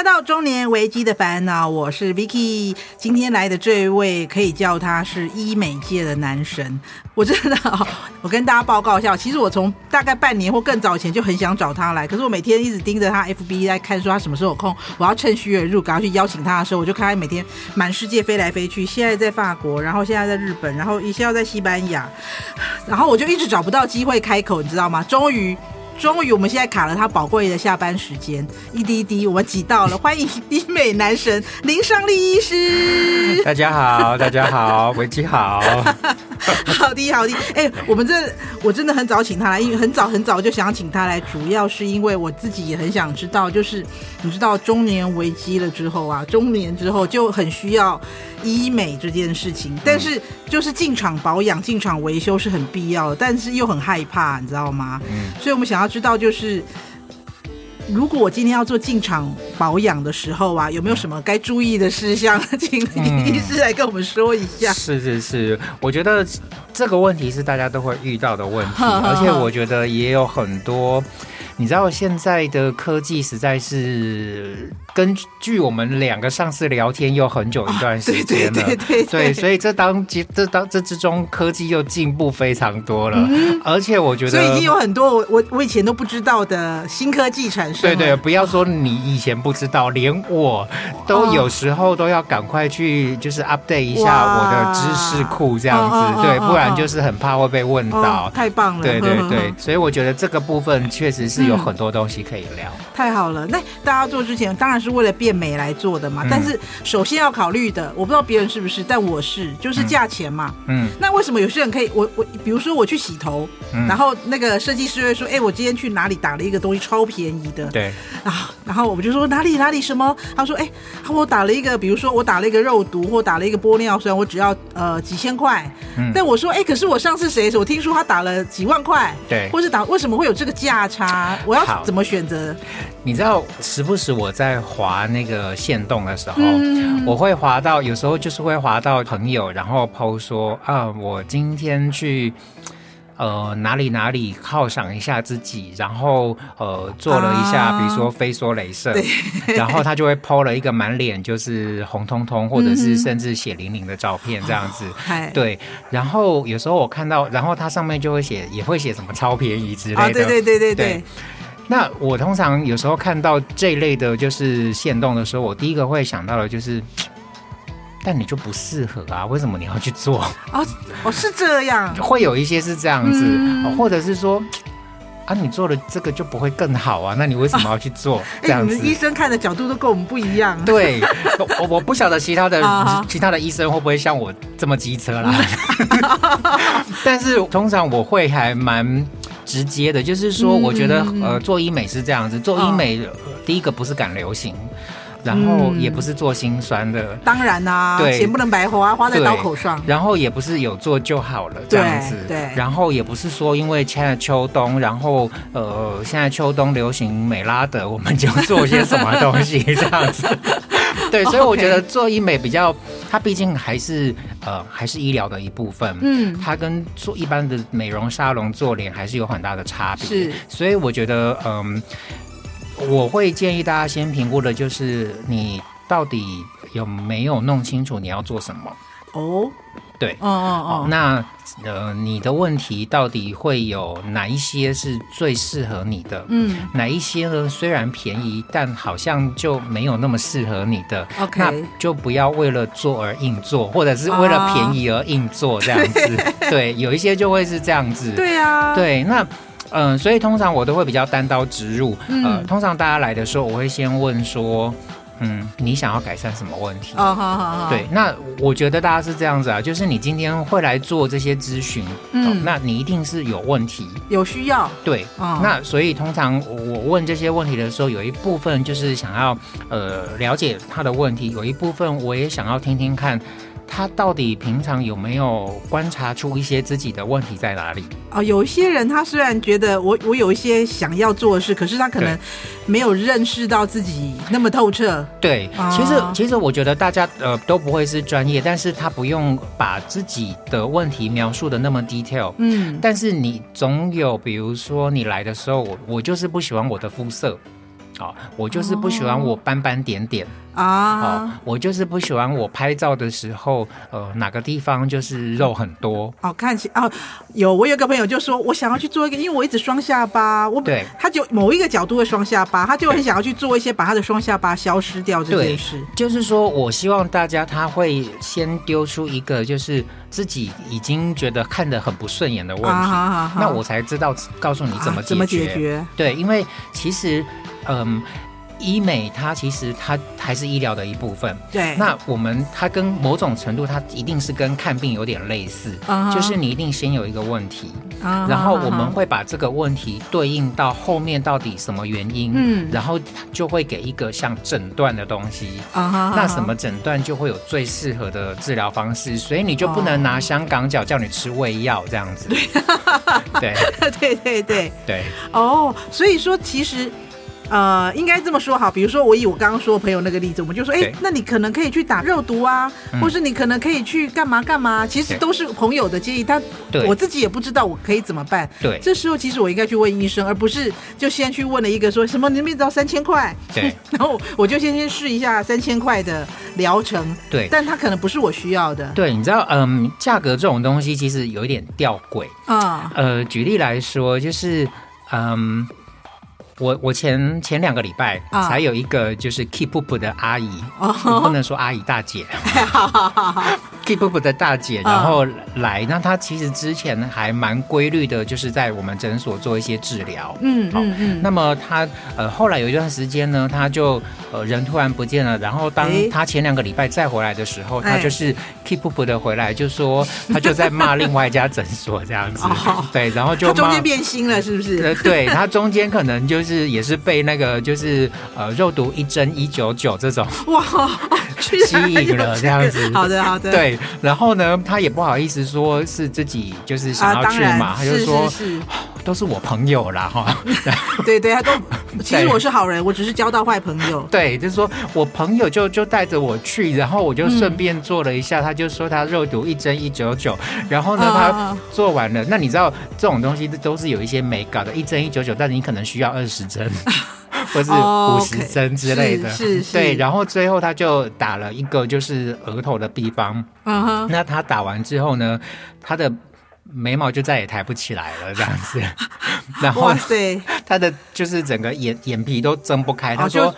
來到中年危機的煩惱，我是 Vicky。今天來的這一位，可以叫他是醫美界的男神。我真的、哦，我跟大家報告一下，其實我從大概半年或更早前就很想找他來，可是我每天一直盯着他 FB 在看，說他什麼時候有空，我要趁虛而入，趕快去邀請他的時候，我就看他每天滿世界飛來飛去，現在在法國，然後現在在日本，然後一下要在西班牙，然後我就一直找不到機會開口，你知道嗎？終於。終於，我們現在卡了他寶貴的下班時間，一滴滴，我們擠到了。歡迎醫美男神 林上立醫師。大家好，大家好，維 姬好，好的，好的。哎，我們這我真的很早請他來，因為很早很早就想要請他來，主要是因為我自己也很想知道，就是你知道中年危機了之後啊，中年之後就很需要醫美這件事情，但是就是進廠保養、嗯、進廠維修是很必要的，但是又很害怕，你知道嗎？嗯、所以我們想要。知道就是，如果我今天要做進廠保養的時候啊，有沒有什麼該注意的事項？嗯、請醫師來跟我們說一下。是是是，我覺得這個問題是大家都會遇到的問題， 而且我覺得也有很多， 你知道現在的科技實在是。根據我們兩個上次聊天又很久一段時間了，oh, 對對對對，對，對，所以這當這當這之中科技又進步非常多了，mm hmm. 而且我覺得，所以已經有很多我我我以前都不知道的新科技產生，對對，不要說你以前不知道，連我都有時候都要趕快去就是 update 一下我的知識庫這樣子，oh, oh, oh, oh, oh. 對，不然就是很怕會被問到。Oh, 太棒了，對對對，呵呵呵，所以我覺得這個部分確實是有很多東西可以聊。嗯，太好了，那大家做之前當然。是為了變美來做的嘛？嗯、但是首先要考慮的，我不知道別人是不是，但我是，就是價錢嘛。嗯，那為什麼有些人可以？我我比如說我去洗頭，嗯、然後那個設計師會說：“哎、欸，我今天去哪裡打了一個東西，超便宜的。”對。後、啊、然後我就說哪裡哪裡什麼？他說：“哎、欸，我打了一個，比如說我打了一個肉毒，或打了一個玻尿酸，我只要呃幾千塊。”嗯。但我說：“哎、欸，可是我上次誰我聽說他打了幾萬塊。”對。或是打為什麼會有這個價差？我要好怎麼選擇？你知道，時不時我在。滑那個限動的時候，嗯、我會滑到，有時候就是會滑到朋友，然後 PO 說啊，我今天去呃哪裡哪裡犒賞一下自己，然後呃做了一下，啊、比如說飛梭雷射，對然後他就會 PO 了一個滿臉就是紅彤彤，或者是甚至血淋淋的照片、嗯、哼這樣子，哦、對。然後有時候我看到，然後他上面就會寫，也會寫什麼超便宜之類的，啊、對對對對對。對那我通常有時候看到這類的就是限動的時候，我第一個會想到的就是，但你就不適合啊？為什麼你要去做？哦哦，是這樣，會有一些是這樣子，嗯、或者是說，啊，你做了這個就不會更好啊？那你為什麼要去做？這樣子，你們醫生看的角度都跟我們不一樣、啊。對，我我不曉得其他的好好其他的醫生會不會像我這麼機車啦。嗯、 但是通常我會還蠻。直接的，就是說，我覺得、嗯、呃，做醫美是這樣子，做醫美，哦呃、第一個不是趕流行，然後也不是做心酸的，嗯、當然啦、啊，對錢不能白花，花在刀口上，然後也不是有做就好了這樣子，對，對然後也不是說因為現在秋冬，然後呃，現在秋冬流行美拉德，我們就做些什麼東西 這樣子。對，所以我覺得做醫美比較，哦 okay、它畢竟還是呃還是醫療的一部分，嗯，它跟做一般的美容沙龍做臉還是有很大的差別，是。所以我覺得，嗯、呃，我會建議大家先評估的就是你到底有沒有弄清楚你要做什麼哦。對，哦哦哦，那呃，你的問題到底會有哪一些是最適合你的？嗯，哪一些呢？雖然便宜，但好像就沒有那麼適合你的。OK，那就不要為了做而硬做，或者是為了便宜而硬做，oh. 這樣子。 對，有一些就會是這樣子。 對啊，對，那嗯、呃，所以通常我都會比較單刀直入。嗯、呃，通常大家來的時候，我會先問說。嗯，你想要改善什麼問題？哦，好好好。對，那我覺得大家是這樣子啊，就是你今天會來做這些諮詢，嗯，哦，那你一定是有問題，有需要。對，哦，那所以通常我問這些問題的時候，有一部分就是想要呃了解他的問題，有一部分我也想要聽聽看。他到底平常有沒有觀察出一些自己的問題在哪裡？哦，有一些人他雖然覺得我我有一些想要做的事，可是他可能沒有認識到自己那麼透徹。對，哦，其實其實我覺得大家呃都不會是專業，但是他不用把自己的問題描述的那麼 detail。嗯，但是你總有，比如說你來的時候，我我就是不喜歡我的膚色。哦、我就是不喜歡我斑斑點點、哦哦、啊！我就是不喜歡我拍照的時候，呃，哪個地方就是肉很多。好、哦、看起、哦、有我有個朋友就說，我想要去做一個，因為我一直雙下巴，我對他就某一個角度的雙下巴，他就很想要去做一些把他的雙下巴消失掉這件事。就是說我希望大家他會先丟出一個，就是自己已經覺得看得很不順眼的問題，啊啊啊、那我才知道告訴你怎麼怎麼解決。啊、怎麼解決對，因為其實。嗯，醫美它其實它還是醫療的一部分。對，那我們它跟某種程度，它一定是跟看病有點類似。啊、uh，huh. 就是你一定先有一個問題，uh huh. 然後我們會把這個問題對應到後面到底什麼原因，嗯、uh，huh. 然後就會給一個像診斷的東西。啊、uh，huh. 那什麼診斷就會有最適合的治療方式，所以你就不能拿香港腳叫你吃胃藥這樣子。Uh huh. 對， 對對對對。哦對，oh, 所以說其實。呃，應該這麼說哈，比如說我以我剛剛說朋友那個例子，我們就說，哎對、欸，那你可能可以去打肉毒啊，嗯、或是你可能可以去幹嘛幹嘛，其實都是朋友的建議。他對我自己也不知道我可以怎麼辦。對，這時候其實我應該去問醫生，而不是就先去問了一個說什麼你那邊只要三千塊，對， 然後我就先先試一下三千塊的療程。對，但它可能不是我需要的。對，你知道，嗯，價格這種東西其實有一點吊詭啊。嗯、呃，舉例來說，就是嗯。我我前前兩個禮拜才有一個就是 keep up 的阿姨，oh. 不能說阿姨大姐，oh. ，keep up 的大姐，oh. 然後來，那她其實之前還蠻規律的，就是在我們診所做一些治療，嗯好嗯，那麼她呃後來有一段時間呢，她就呃人突然不見了，然後當她前兩個禮拜再回來的時候，她、欸、就是 keep up 的回來，就說她就在罵另外一家診所這樣子，oh. 對，然後就中間變心了是不是？呃，對，她中間可能就是。是也是被那個就是呃肉毒一針一九九這種哇，去吸引了這樣子，好的好的，好的對，然後呢他也不好意思說是自己就是想要去嘛，他、呃、就說。是是都是我朋友啦，哈， 對對、啊，他都其實我是好人，對我只是交到壞朋友。對，就是說我朋友就就帶着我去，然後我就順便做了一下。嗯、他就說他肉毒一針一九九，然後呢，嗯、他做完了。那你知道這種東西都是有一些美搞的，一針一九九，但你可能需要二十針 或是五十針之類的。是、哦 okay、是。是對，是然後最後他就打了一個就是額頭的地方，嗯哼。那他打完之後呢，他的。眉毛就再也抬不起來了，這樣子。然後，對他的就是整個眼眼皮都睜不開。他說，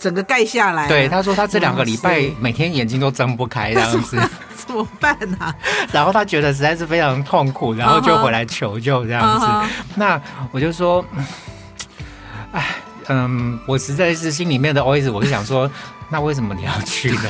整個蓋下來。對，他說他這兩個禮拜每天眼睛都睜不開，這樣子，怎麼辦呢？然後他覺得實在是非常痛苦，然後就回來求救這樣子。那我就說，哎，嗯，我實在是心裡面的 OS，我是想說。那為什麼你要去呢？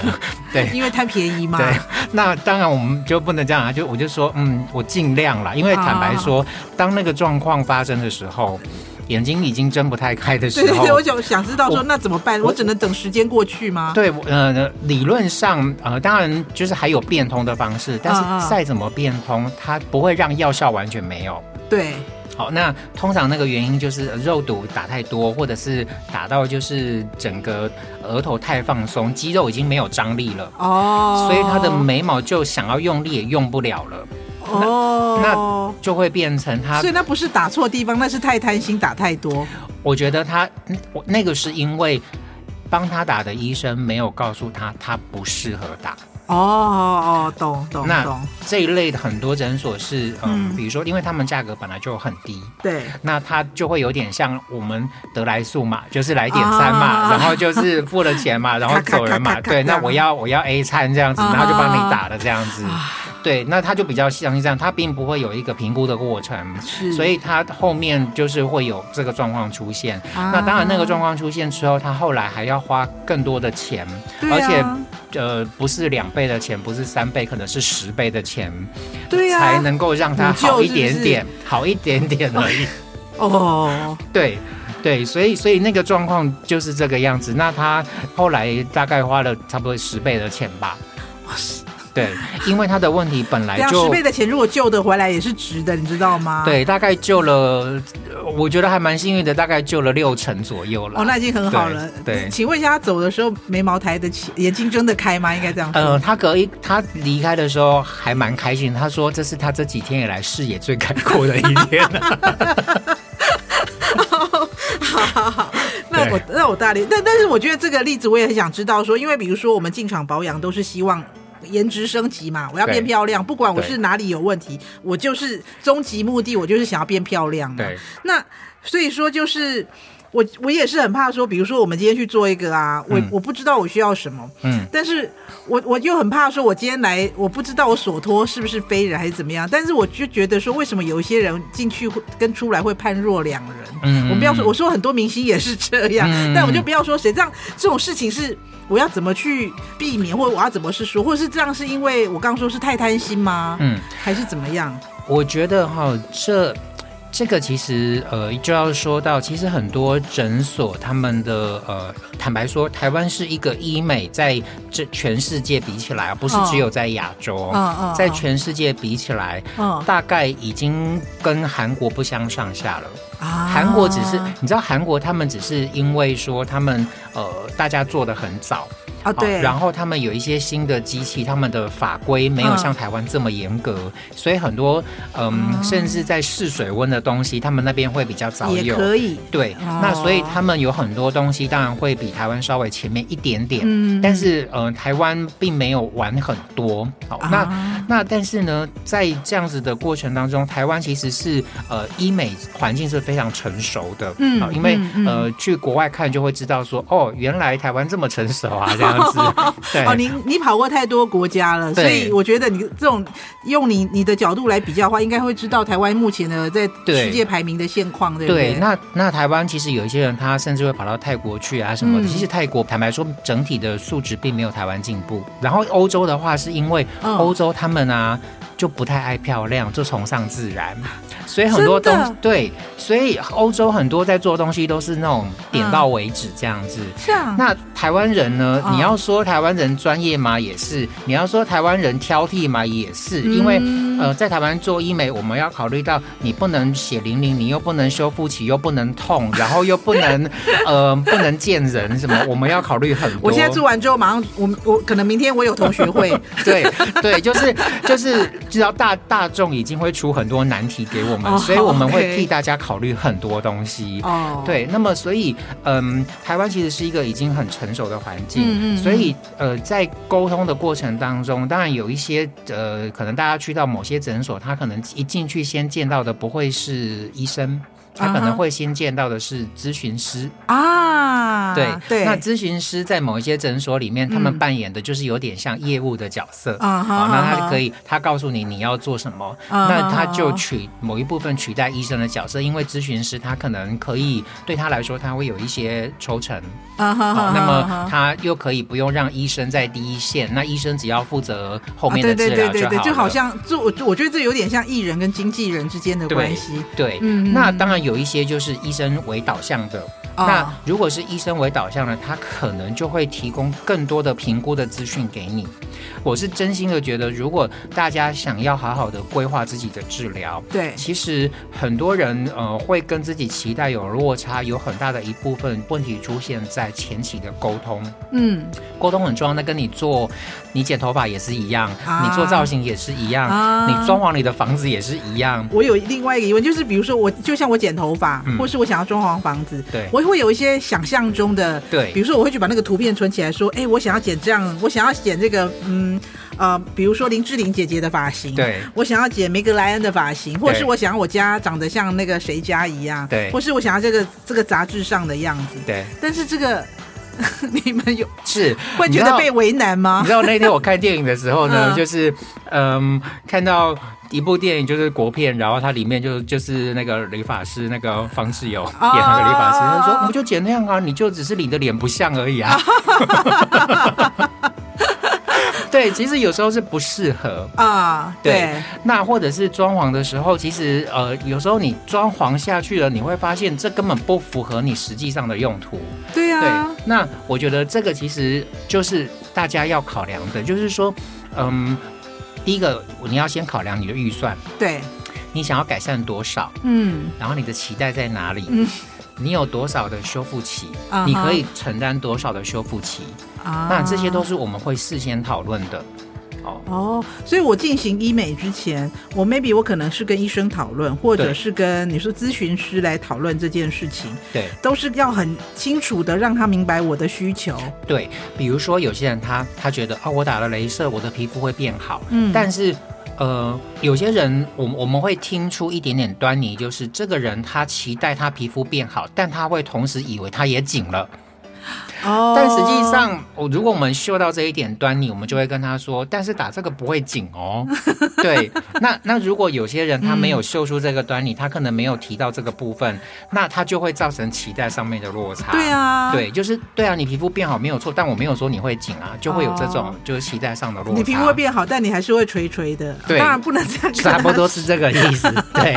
對，因為太便宜嘛。對，那當然我們就不能這樣啊！就我就說，嗯，我盡量啦。因為坦白說，啊、當那個狀況發生的時候，眼睛已經睜不太開的時候，對對對，我想想知道說我那怎麼辦？我只能等時間過去嗎？對，呃，理論上呃，當然就是還有變通的方式，但是再怎麼變通，它不會讓藥效完全沒有。對，好，那通常那個原因就是肉毒打太多，或者是打到就是整個額頭太放鬆，肌肉已經沒有張力了哦，所以他的眉毛就想要用力也用不了了哦，那，那就會變成他，所以那不是打錯地方，那是太貪心打太多。我覺得他那，那個是因為幫他打的醫生沒有告訴他他不適合打。哦哦、oh, oh, oh, 懂懂，那這一類的很多診所是嗯，嗯，比如說，因為他們價格本來就很低，對，那他就會有點像我們得來速嘛，就是來點餐嘛，啊、然後就是付了錢嘛，然後走人嘛，對，那我要我要 A 餐這樣子，然後就幫你打了這樣子，啊、對，那他就比較相信這樣，他並不會有一個評估的過程，是所以他後面就是會有這個狀況出現，啊、那當然那個狀況出現之後，他後來還要花更多的錢，對啊、而且呃不是兩。倍的錢不是三倍，可能是十倍的錢，對呀、啊，才能夠讓它好一點點，是是好一點點而已。哦，oh. 對，對，所以，所以那個狀況就是這個樣子。那他後來大概花了差不多十倍的錢吧。Oh. 對，因為他的問題本來就，要十倍的錢，如果救得回來也是值得，你知道嗎？對，大概救了，我覺得還蠻幸運的，大概救了六成左右了。哦，那已經很好了。對，對，請問一下，他走的時候眉毛抬得起，眼睛睜得開嗎？應該這樣說。嗯、呃，他可以，他離開的時候還蠻開心。他說這是他這幾天以來視野最開闊的一天、啊。好好好，那我那我大力，但但是我覺得這個例子我也很想知道說，說因為比如說我們進廠保養都是希望。顏值升級嘛，我要變漂亮。對不管我是哪裡有問題，對我就是終極目的，我就是想要變漂亮。對，那所以說就是我我也是很怕說，比如說我們今天去做一個啊，我、嗯、我不知道我需要什麼。嗯，但是我我就很怕說，我今天來，我不知道我所托是不是非人還是怎麼樣。但是我就覺得說，為什麼有一些人進去跟出來會判若兩人？嗯，我不要說，我說很多明星也是這樣，嗯、但我就不要說誰這樣，這種事情是。我要怎麼去避免，或者我要怎麼是說，或者是這樣是因為我剛剛說是太貪心嗎？嗯，還是怎麼樣？我覺得哈、哦，這這個其實呃，就要說到，其實很多診所他們的呃，坦白說，台灣是一個醫美，在這全世界比起來啊，不是只有在亞洲，oh. 在全世界比起來，oh. 大概已經跟韓國不相上下了。韓國只是，你知道韓國他們只是因為說他們呃，大家做得很早。啊，對，然後他們有一些新的機器，他們的法規沒有像台灣這麼嚴格，所以很多嗯，甚至在試水溫的東西，他們那邊會比較早有，可以，對，那所以他們有很多東西，當然會比台灣稍微前面一點點，但是嗯、呃，台灣並沒有晚很多，好，那那但是呢，在這樣子的過程當中，台灣其實是呃醫美環境是非常成熟的，嗯，好，因為呃去國外看就會知道說，哦，原來台灣這麼成熟啊，這樣。 對哦，你你跑過太多國家了，對所以我覺得你這種用你你的角度來比較的話，應該會知道台灣目前呢在世界排名的現況，對，對不對？對，那那台灣其實有一些人，他甚至會跑到泰國去啊什麼的。其實泰國、嗯、坦白說，整體的素質並沒有台灣進步。然後歐洲的話，是因為歐洲他們啊。嗯就不太愛漂亮，就崇尚自然，所以很多東西的對，所以歐洲很多在做東西都是那種點到為止這樣子。是啊、嗯。那台灣人呢？哦、你要說台灣人專業嗎？也是。你要說台灣人挑剔嗎？也是。嗯、因為呃，在台灣做醫美，我們要考慮到你不能血淋淋，你又不能修復期，又不能痛，然後又不能 呃不能見人什麼，我們要考慮很多。我現在做完之後馬上，我我，我可能明天我有同學會。 對對，就是就是。知道大大眾已經會出很多難題給我們，oh, okay. 所以我們會替大家考慮很多東西。Oh. 對，那麼所以，嗯、呃，台灣其實是一個已經很成熟的環境，mm hmm. 所以呃，在溝通的過程當中，當然有一些呃，可能大家去到某些診所，他可能一進去先見到的不會是醫生。他可能會先見到的是諮詢師啊，對對，那諮詢師在某一些診所裡面，他們扮演的就是有點像業務的角色啊。那他可以，他告訴你你要做什麼，那他就取某一部分取代醫生的角色，因為諮詢師他可能可以對他來說，他會有一些抽成啊。好，那麼他又可以不用讓醫生在第一線，那醫生只要負責後面的治療就好。對。就好像這，我我覺得這有點像藝人跟經紀人之間的關係。對，嗯，那當然。有一些就是醫生為導向的，uh, 那如果是醫生為導向呢，他可能就會提供更多的評估的資訊給你。我是真心的覺得，如果大家想要好好的規劃自己的治療，對，其實很多人呃會跟自己期待有落差，有很大的一部分問題出現在前期的溝通。嗯，溝通很重要。那跟你做你剪頭髮也是一樣，uh, 你做造型也是一樣，uh, 你裝潢你的房子也是一樣。Uh, 我有另外一個疑問，就是比如說我就像我剪。頭髮，或是我想要裝潢房子，對、嗯、我會有一些想象中的，對，比如說我會去把那個圖片存起來，說，哎、欸，我想要剪這樣，我想要剪這個，嗯呃，比如說林志玲姐姐的髮型，對，我想要剪梅格萊恩的髮型，或者是我想要我家長得像那個誰家一樣，對，或是我想要這個這個雜誌上的樣子，對，但是這個。你們有是會覺得被為難嗎？你知道那天我看電影的時候呢，就是嗯，看到一部電影就是國片，然後它裡面就就是那個理髮師，那個方志友演那個理髮師，他說：“我們就剪那樣啊，你就只是你的臉不像而已啊。”對，其實有時候是不適合啊。對，那或者是裝潢的時候，其實呃，有時候你裝潢下去了，你會發現這根本不符合你實際上的用途。對啊。那我覺得這個其實就是大家要考量的，就是說，嗯，第一個你要先考量你的預算，對、嗯，嗯嗯、你想要改善多少，嗯，然後你的期待在哪裡，嗯，你有多少的修復期，你可以承擔多少的修復期，啊，那這些都是我們會事先討論的。哦，所以，我進行醫美之前，我 maybe 我可能是跟醫生討論，或者是跟對說你說諮詢師來討論這件事情，對，都是要很清楚的讓他明白我的需求。對，比如說有些人他他覺得哦、啊，我打了鐳射，我的皮膚會變好，嗯，但是呃，有些人我我們會聽出一點點端倪，就是這個人他期待他皮膚變好，但他會同時以為他也緊了。但實際上，我如果我們嗅到這一點端倪，我們就會跟他說：但是打這個不會緊哦。 對，那那如果有些人他沒有嗅出這個端倪，他可能沒有提到這個部分，那他就會造成期待上面的落差。對啊，對，就是對啊，你皮膚變好沒有錯，但我沒有說你會緊啊，就會有這種 就是期待上的落差。你皮膚會變好，但你還是會垂垂的。對，當然不能這樣。差不多是這個意思。 對，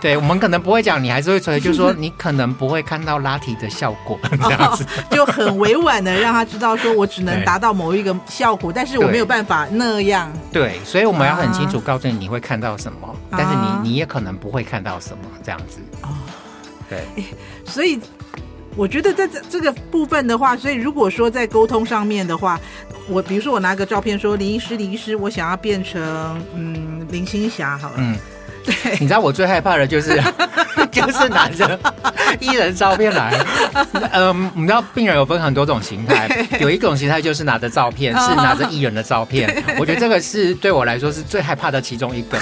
對，我們可能不會講你還是會垂， 就是說你可能不會看到拉提的效果 這樣子，Oh, 就很。委婉的讓他知道，說我只能達到某一個效果，那人，但是我沒有辦法那樣。對,那樣對，所以我們要很清楚告訴你你會看到什麼，啊、但是你你也可能不會看到什麼這樣子。哦、對、欸，所以我覺得在這這個部分的話，所以如果說在溝通上面的話，我比如說我拿個照片說林醫師，林醫師，我想要變成嗯林青霞好了。嗯，對，你知道我最害怕的就是。 就是拿着藝人照片來，嗯，你知道病人有分很多種形態，有一種形態就是拿着照片，是拿着藝人的照片，我覺得這個是對我來說是最害怕的其中一個。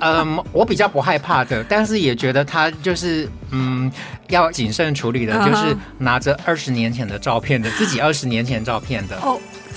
嗯，我比較不害怕的，但是也覺得他就是嗯要謹慎處理的，就是拿着二十年前的照片的自己，二十年前照片的。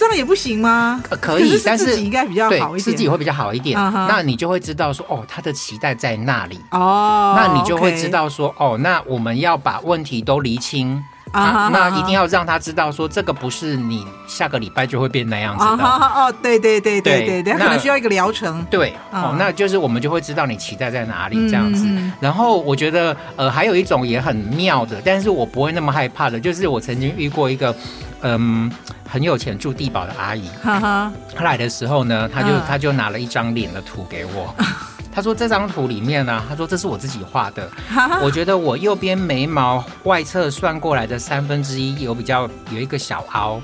那也不行嗎？可以，但是自己應該比較好一點，自己會比較好一點。那你就會知道說，哦，他的期待在哪裡。哦，那你就會知道說，哦，那我們要把問題都釐清啊。那一定要讓他知道說，這個不是你下個禮拜就會變那樣子的。哦，對對對對對對，可能需要一個療程。對，哦，那就是我們就會知道你期待在哪裡這樣子。然後我覺得，呃，還有一種也很妙的，但是我不會那麼害怕的，就是我曾經遇過一個。嗯，很有錢住帝寶的阿姨，uh huh。來的時候呢，她就她就拿了一張臉的圖給我，她、uh huh。說這張圖裡面呢，啊，她說這是我自己畫的，uh huh。我覺得我右邊眉毛外側算過來的三分之一有比較有一個小凹。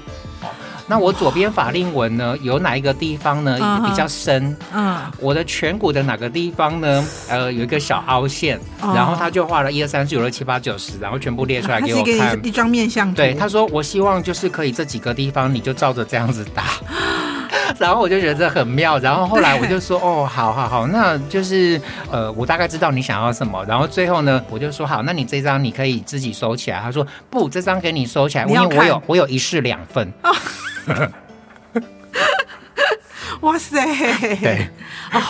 那我左邊法令紋呢？哦、有哪一個地方呢？比較深？嗯，我的顴骨的哪個地方呢？呃，有一個小凹陷。嗯、然後他就畫了一二三四五六七八九十，然後全部列出來給我看。一一張面相。對，他說我希望就是可以這幾個地方，你就照着這樣子打。哦、然後我就覺得這很妙。然後後來我就說，對哦，好好好，那就是呃，我大概知道你想要什麼。然後最後呢，我就說好，那你這張你可以自己收起來。他說不，這張給你收起來，因為我有我有一式兩份。 哇塞！對啊，哦、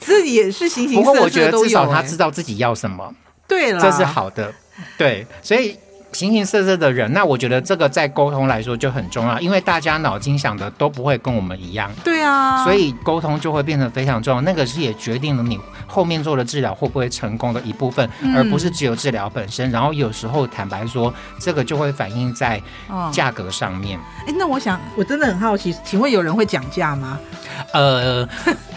這也是形形色色的。不過我覺得至少他知道自己要什麼，對了啦，這是好的。對，所以形形色色的人，那我覺得這個在溝通來說就很重要，因為大家腦筋想的都不會跟我們一樣。對啊，所以溝通就會變得非常重要。那個是也決定了你後面做的治療會不會成功的一部分，嗯、而不是只有治療本身。然後有時候坦白說，這個就會反映在價格上面。哦哎，那我想，我真的很好奇，請問有人會講價嗎？呃，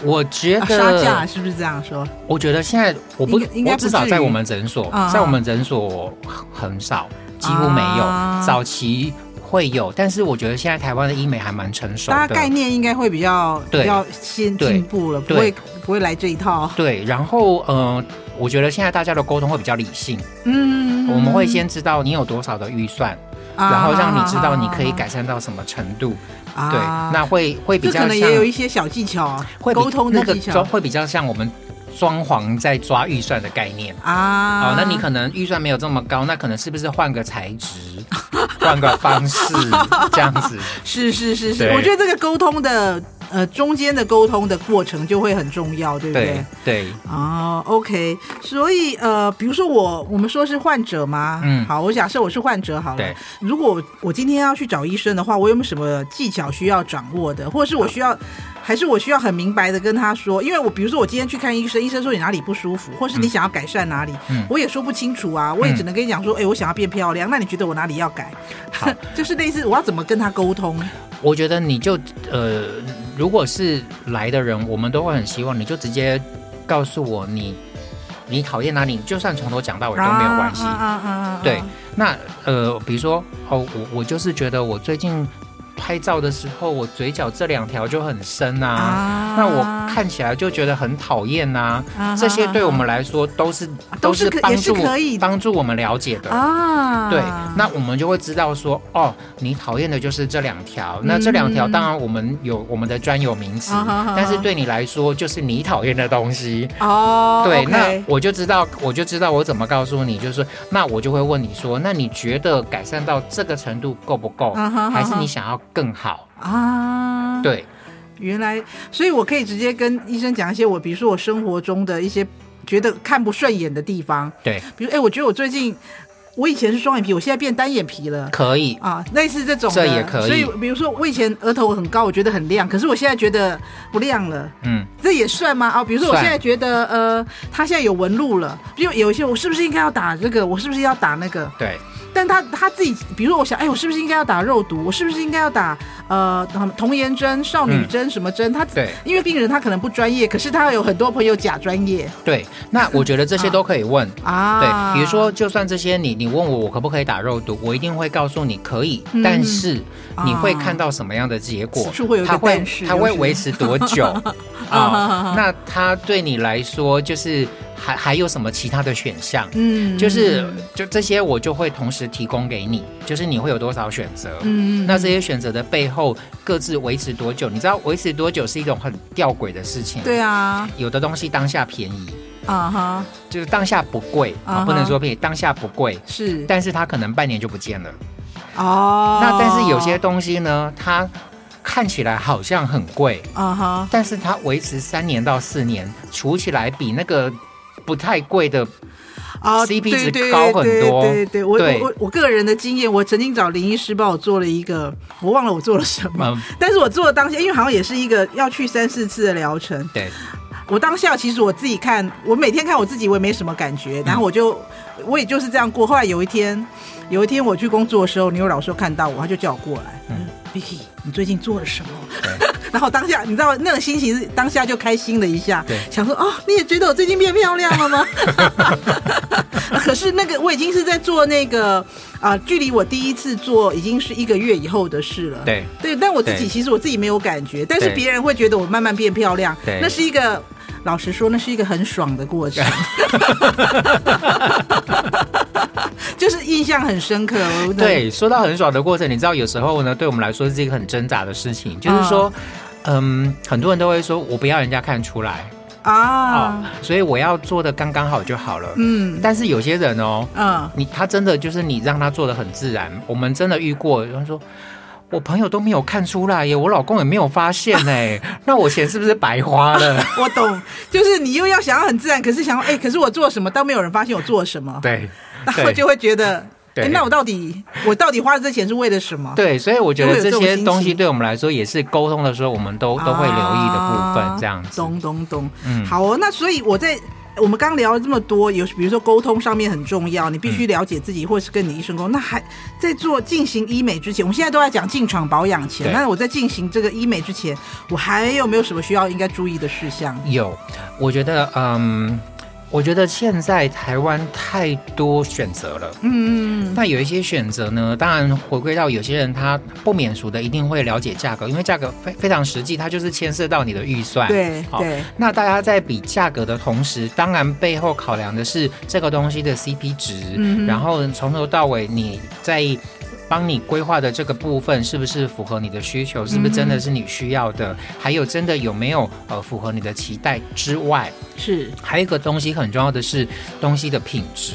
我覺得殺價是不是這樣說？我覺得現在我不應該，至少在我們診所，在我們診所很少，幾乎沒有，早期會有，但是我覺得現在台灣的醫美還蠻成熟的，大家概念應該會比較比較先進步了，不會不會來這一套。對，然後呃，我覺得現在大家的溝通會比較理性，嗯，我們會先知道你有多少的預算。啊、然後讓你知道你可以改善到什麼程度，啊、對，那會會比較像可能也有一些小技巧，啊，會比溝通的技巧那個會比較像我們裝潢在抓預算的概念啊，啊、哦，那你可能預算沒有這麼高，那可能是不是換個材質，啊、換個方式 這樣子？是是是是，對我覺得這個溝通的。呃，中間的溝通的過程就會很重要，對不對？對，哦，OK，所以呃，比如說我，我們說是患者嘛，嗯，好，我假設我是患者好了。對。如果我今天要去找醫生的話，我有沒有什麼技巧需要掌握的？或者是我需要，好還是我需要很明白的跟他說？因為我比如說我今天去看醫生，醫生說你哪裡不舒服，或者是你想要改善哪裡，嗯、我也說不清楚啊，我也只能跟你講說，哎、嗯欸，我想要變漂亮，那你覺得我哪裡要改？好 就是類似我要怎麼跟他溝通。我覺得你就呃，如果是來的人，我們都會很希望你就直接告訴我你你討厭哪、啊、裡，你就算從頭講到尾都沒有關係。啊啊啊啊、對，那呃，比如說哦，我我就是覺得我最近拍照的時候，我嘴角這兩條就很深啊。啊那我看起來就覺得很討厭吶，這些對我們來說都是都是幫助，可以幫助我們了解的啊。對，那我們就會知道說，哦，你討厭的就是這兩條。那這兩條當然我們有我們的專有名詞，但是對你來說就是你討厭的東西哦。對，那我就知道，我就知道我怎麼告訴你，就是那我就會問你說，那你覺得改善到這個程度夠不夠？還是你想要更好啊？對。原來，所以我可以直接跟醫生講一些我，比如說我生活中的一些覺得看不順眼的地方。對，比如哎、欸，我覺得我最近，我以前是雙眼皮，我現在變單眼皮了。可以啊，類似這種的。這也可以。所以，比如說我以前額頭很高，我覺得很亮，可是我現在覺得不亮了。嗯，這也算嗎？啊，比如說我現在覺得算呃，他現在有紋路了，比如有一些，我是不是應該要打這個？我是不是要打那個？對。但他他自己，比如說我想，哎、欸，我是不是應該要打肉毒？我是不是應該要打？呃，童顏針、少女針、嗯、什麼針？他對，因為病人他可能不專業，可是他有很多朋友假專業。對，那我覺得這些都可以問啊。對，比如說，就算這些你你問我，我可不可以打肉毒？我一定會告訴你可以，嗯、但是你會看到什麼樣的結果？他、嗯啊、會，他會維持多久、嗯、啊？那他對你來說就是。還還有什麼其他的選項？嗯，就是就這些，我就會同時提供給你，就是你會有多少選擇？嗯嗯。那這些選擇的背後各自維持多久？你知道維持多久是一種很吊詭的事情。對啊，有的東西當下便宜啊哈，uh huh. 就是當下不貴啊，uh huh. 不能說便宜，當下不貴是，但是它可能半年就不見了。哦。Oh. 那但是有些東西呢，它看起來好像很貴啊哈，uh huh. 但是它維持三年到四年，除起來比那個。不太貴的啊，CP 值高很多。啊、對，對，對，對對，我對我我，我個人的經驗，我曾經找林醫師幫我做了一個，我忘了我做了什麼，嗯、但是我做了當下，因為好像也是一個要去三四次的療程。對，我當下其實我自己看，我每天看我自己，我也沒什麼感覺。然後我就，嗯、我也就是這樣過。後來有一天，有一天我去工作的時候，你又老說看到我，他就叫我過來。嗯，Vicky，你最近做了什麼？對然後當下，你知道那種、個、心情是當下就開心了一下，對想說哦，你也覺得我最近變漂亮了嗎？ 可是那個我已經是在做那個啊、呃，距離我第一次做已經是一個月以後的事了。對對，但我自己對其實我自己沒有感覺，但是別人會覺得我慢慢變漂亮，對那是一個老實說，那是一個很爽的過程。對 就是印象很深刻，對。對，說到很爽的過程，嗯、你知道有時候呢，對我們來說是一個很掙扎的事情。嗯、就是說，嗯，很多人都會說，我不要人家看出來啊，啊，所以我要做的剛剛好就好了。嗯。但是有些人哦，嗯，你他真的就是你讓他做的很自然。我們真的遇過，有人說，我朋友都沒有看出來耶，我老公也沒有發現哎，啊、那我錢是不是白花了、啊？我懂，就是你又要想要很自然，可是想要哎、欸，可是我做什麼，都沒有人發現我做什麼。對。然後就會覺得，那我到底我到底花的這錢是為了什麼？對，所以我覺得這些東西對我們來說也是溝通的時候，我們都、啊、都會留意的部分。這樣子，咚咚咚，嗯，好哦。那所以我在我們剛聊了這麼多，有比如說溝通上面很重要，你必須了解自己，嗯、或者是跟你醫生溝通。那還在做進行醫美之前，我們現在都在講進床保養前。對那我在進行這個醫美之前，我還有沒有什麼需要應該注意的事項？有，我覺得，嗯。我覺得現在台灣太多選擇了，嗯，那有一些選擇呢，當然回歸到有些人他不免俗的，一定會了解價格，因為價格非非常實際，它就是牽涉到你的預算，對，對。好，那大家在比價格的同時，當然背後考量的是這個東西的 CP 值，嗯，然後從頭到尾你在。幫你規劃的這個部分是不是符合你的需求？是不是真的是你需要的？嗯、哼還有真的有沒有呃符合你的期待？之外是還有一個東西很重要的是東西的品質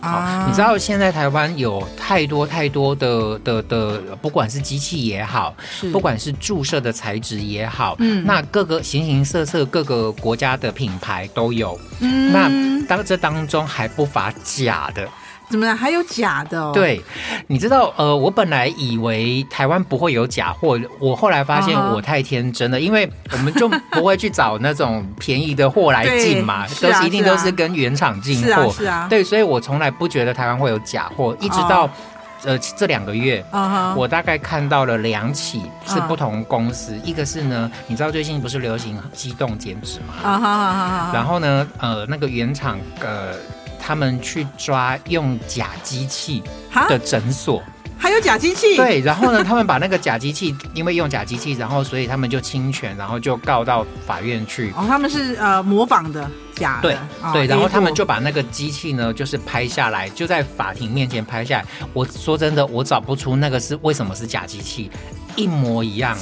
好，啊哦，你知道現在台灣有太多太多的的的，不管是機器也好，是不管是注射的材質也好，嗯，那各個形形色色各個國家的品牌都有，嗯、那當這當中還不乏假的。怎麼了，還有假的？對，你知道，呃，我本來以為台灣不會有假貨，我後來發現我太天真了，因為我們就不會去找那種便宜的貨來進嘛，都是一定都是跟原廠進貨，是啊，對，所以我從來不覺得台灣會有假貨。一直到呃這兩個月，我大概看到了兩起是不同公司，一個是呢，你知道最近不是流行機動減脂嘛，然後呢，呃，那個原廠呃。他們去抓用假機器的診所，還有假機器。對，然後呢，他們把那個假機器， 因為用假機器，然後所以他們就侵權，然後就告到法院去。哦，他們是呃模仿的假的，對、哦、對，然後他們就把那個機器呢，就是拍下來，就在法庭面前拍下來。我說真的，我找不出那個是為什麼是假機器，一模一樣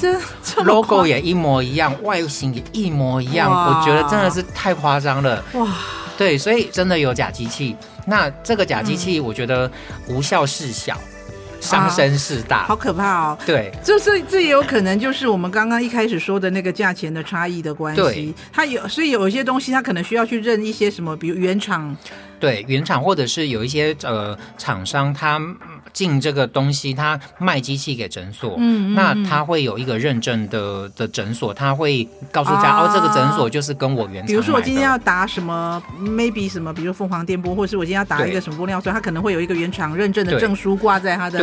，logo 也一模一樣，外形也一模一樣，哇我覺得真的是太誇張了，哇。對，所以真的有假機器。那這個假機器，我覺得無效事小，嗯、傷身事大、啊。好可怕哦！對，這、就是這也有可能，就是我們剛剛一開始說的那個價錢的差異的關係。它對有，所以有一些東西，它可能需要去認一些什麼，比如原廠，對原廠，或者是有一些呃廠商，他。進這個東西，他賣機器給診所，嗯嗯、那他會有一個認證的的診所，他會告訴大家、啊、哦，這個診所就是跟我原廠買的，比如說我今天要打什麼，maybe 什麼，比如鳳凰電波，或是我今天要打一個什麼玻尿酸，他對可能會有一個原廠認證的證書掛在他的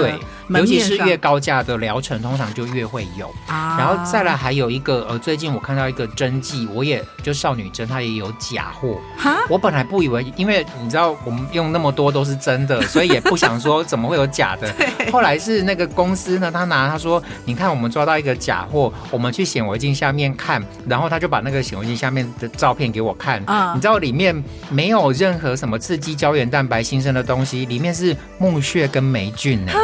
門面上，對，尤其是越高價的療程，通常就越會有。啊、然後再來還有一個，呃，最近我看到一個針劑，我也就少女針，它也有假貨。哈我本來不以為，因為你知道我們用那麼多都是真的，所以也不想說怎麼會有。 假的，對後來是那個公司呢，他拿他說，你看我們抓到一個假貨，我們去顯微鏡下面看，然後他就把那個顯微鏡下面的照片給我看啊，嗯、你知道裡面沒有任何什麼刺激膠原蛋白新生的東西，裡面是木屑跟黴菌呢、欸。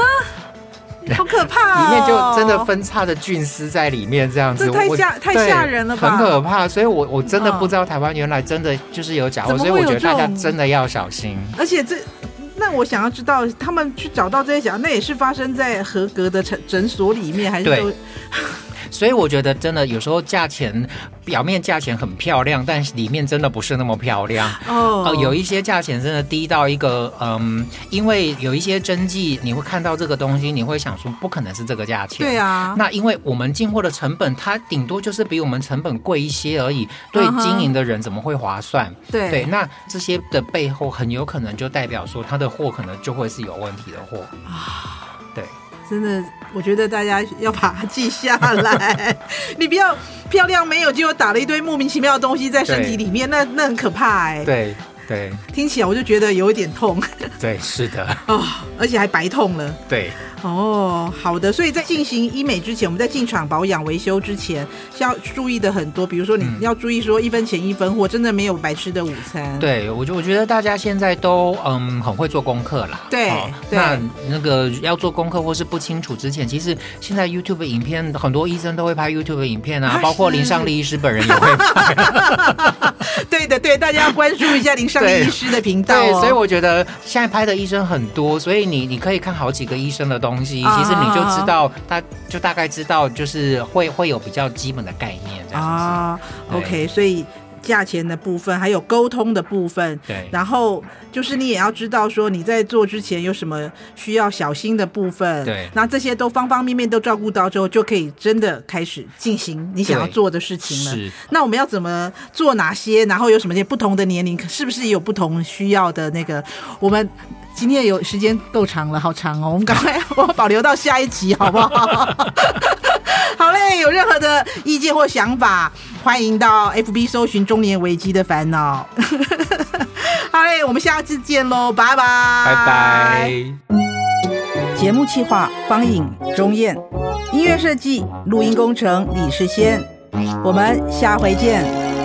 好可怕、哦，裡面就真的分叉的菌絲在裡面這樣子，太嚇我對太嚇人了吧，很可怕，所以我我真的不知道台灣原來真的就是有假貨，嗯、所以我覺得大家真的要小心，而且這。那我想要知道，他們去找到這些小孩，那也是發生在合格的診診所裡面，還是都？所以我覺得真的有時候價錢，表面價錢很漂亮，但是裡面真的不是那麼漂亮。哦、oh. 呃，有一些價錢真的低到一個嗯，因為有一些針劑你會看到這個東西，你會想說不可能是這個價錢。對啊，那因為我們進貨的成本，它頂多就是比我們成本貴一些而已。對，經營的人怎麼會划算？Uh huh. 對對，那這些的背後很有可能就代表說他的貨可能就會是有問題的貨啊。Oh. 真的，我覺得大家要把它記下來。 你不要漂亮沒有，就打了一堆莫名其妙的東西在身體裡面，對那那很可怕哎、欸。對。對，聽起來我就覺得有一點痛。對，是的，哦，而且還白痛了。對，哦，好的。所以在進行醫美之前，我們在進場保養維修之前，需要注意的很多，比如說你要注意說一分錢一分貨，我真的沒有白吃的午餐。對，我就我覺得大家現在都嗯很會做功課啦。對、哦，那那個要做功課或是不清楚之前，其實現在 YouTube 影片很多醫生都會拍 YouTube 影片啊，包括林上立醫師本人也會拍。 對的，對，大家要關注一下林上立醫師的頻道，哦對。對，所以我覺得現在拍的醫生很多，所以你你可以看好幾個醫生的東西，其實你就知道，啊、他，就大概知道，就是會會有比較基本的概念這樣子。啊對，OK，所以。價錢的部分，還有溝通的部分，對。然後就是你也要知道說你在做之前有什麼需要小心的部分，對。那這些都方方面面都照顧到之後，就可以真的開始進行你想要做的事情了。是，那我們要怎麼做哪些？然後有什麼些不同的年齡，是不是也有不同需要的那個我們？今天有時間夠長了，好長哦！我們趕快，我保留到下一集好不好？ 好嘞，有任何的意見或想法，歡迎到 FB 搜尋《中年危機的煩惱》。 好嘞，我們下次見嘍，拜拜，拜拜。節目企劃：方影、鍾燕；音樂設計、錄音工程：李世先。我們下回見。